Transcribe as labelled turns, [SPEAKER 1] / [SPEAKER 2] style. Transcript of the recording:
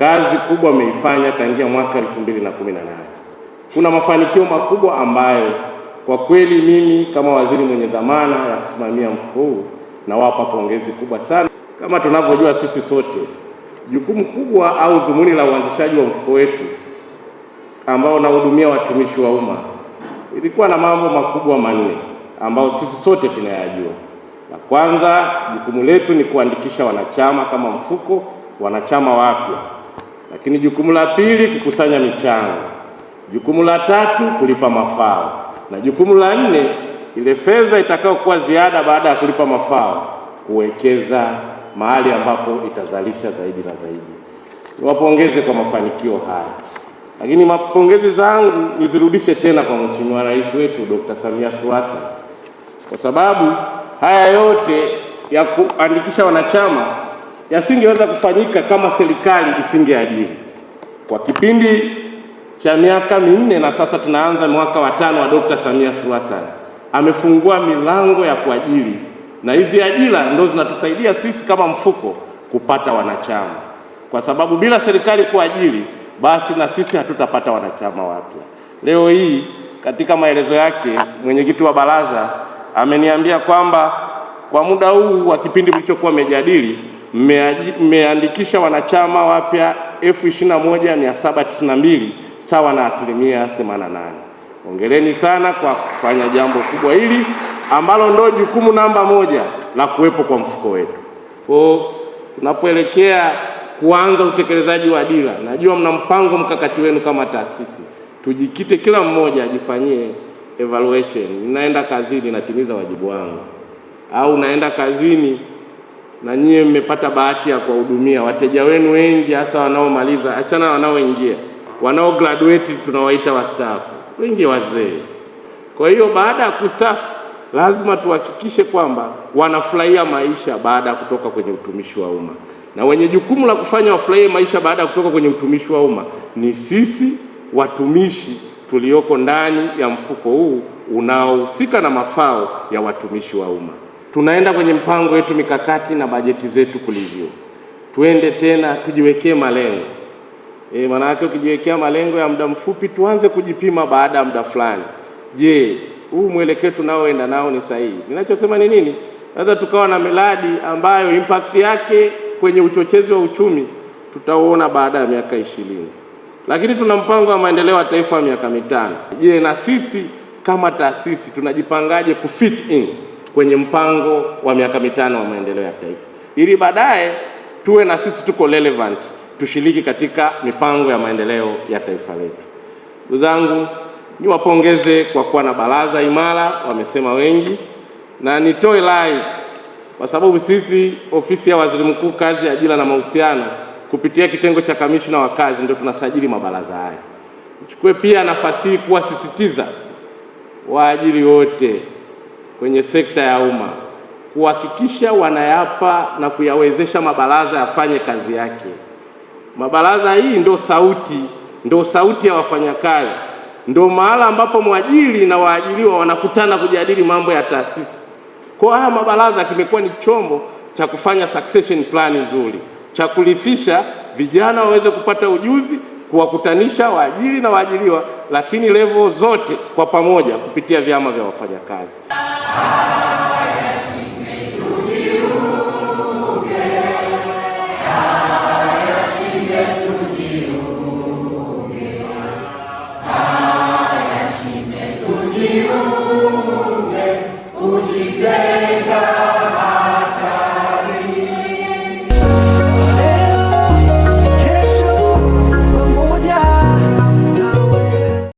[SPEAKER 1] Kazi kubwa ameifanya tangia mwaka 2018. Kuna mafanikio makubwa ambayo kwa kweli mimi kama waziri mwenye dhamana ya kusimamia mfuko huu nawapa pongezi kubwa sana. Kama tunavyojua sisi sote, jukumu kubwa au dhumuni la uanzishaji wa mfuko wetu ambao unahudumia watumishi wa umma ilikuwa na mambo makubwa manne ambayo sisi sote tunayajua. La kwanza, jukumu letu ni kuandikisha wanachama kama mfuko, wanachama wapya lakini jukumu la pili kukusanya michango, jukumu la tatu kulipa mafao, na jukumu la nne ile fedha itakayokuwa ziada baada ya kulipa mafao kuwekeza mahali ambapo itazalisha zaidi na zaidi. Niwapongeze kwa mafanikio haya, lakini mapongezi zangu nizirudishe tena kwa Mheshimiwa Rais wetu Dr. Samia Suluhu Hassan kwa sababu haya yote ya kuandikisha wanachama yasingeweza kufanyika kama serikali isingeajiri. Kwa kipindi cha miaka minne na sasa tunaanza mwaka wa tano wa Dr. Samia Suluhu Hassan amefungua milango ya kuajiri, na hizi ajira ndo zinatusaidia sisi kama mfuko kupata wanachama, kwa sababu bila serikali kuajiri, basi na sisi hatutapata wanachama wapya. Leo hii katika maelezo yake mwenyekiti wa baraza ameniambia kwamba kwa muda huu wa kipindi mlichokuwa mmejadili mmeandikisha wanachama wapya 21792 sawa na asilimia 88. Hongereni sana kwa kufanya jambo kubwa hili ambalo ndo jukumu namba moja la kuwepo kwa mfuko wetu. Kwa tunapoelekea kuanza utekelezaji wa dira, najua mna mpango mkakati wenu kama taasisi, tujikite, kila mmoja ajifanyie evaluation. Ninaenda kazini natimiza wajibu wangu, au naenda kazini na nyie mmepata bahati ya kuwahudumia wateja wenu wengi, hasa wanaomaliza, achana wanaoingia, wanao graduate tunawaita wastaafu, wengi wazee. Kwa hiyo baada ya kustaafu, lazima tuhakikishe kwamba wanafurahia maisha baada ya kutoka kwenye utumishi wa umma, na wenye jukumu la kufanya wafurahie maisha baada ya kutoka kwenye utumishi wa umma ni sisi watumishi tulioko ndani ya mfuko huu unaohusika na mafao ya watumishi wa umma tunaenda kwenye mpango wetu mikakati na bajeti zetu kulivyo. Tuende tena tujiwekee malengo e, maanake ukijiwekea malengo ya muda mfupi, tuanze kujipima baada ya muda fulani. Je, huu mwelekeo tunaoenda nao ni sahihi? Ninachosema ni nini? Sasa tukawa na miradi ambayo impact yake kwenye uchochezi wa uchumi tutauona baada ya miaka ishirini, lakini tuna mpango wa maendeleo ya taifa ya miaka mitano. Je, na sisi kama taasisi tunajipangaje kufit in kwenye mpango wa miaka mitano wa maendeleo ya taifa, ili baadaye tuwe na sisi tuko relevant, tushiriki katika mipango ya maendeleo ya taifa letu. Ndugu zangu, niwapongeze kwa kuwa na baraza imara, wamesema wengi, na nitoe rai kwa sababu sisi ofisi ya waziri mkuu kazi ya ajira na mahusiano kupitia kitengo cha kamishina wa kazi ndio tunasajili mabaraza haya. Nichukue pia nafasi hii kuwasisitiza waajiri wote kwenye sekta ya umma kuhakikisha wanayapa na kuyawezesha mabaraza yafanye kazi yake. Mabaraza hii ndo sauti, ndo sauti ya wafanyakazi, ndo mahala ambapo mwajiri na waajiriwa wanakutana kujadili mambo ya taasisi. Kwa haya mabaraza kimekuwa ni chombo cha kufanya succession plan nzuri, cha kurithisha vijana waweze kupata ujuzi kuwakutanisha waajiri na waajiriwa, lakini levo zote kwa pamoja kupitia vyama vya wafanyakazi.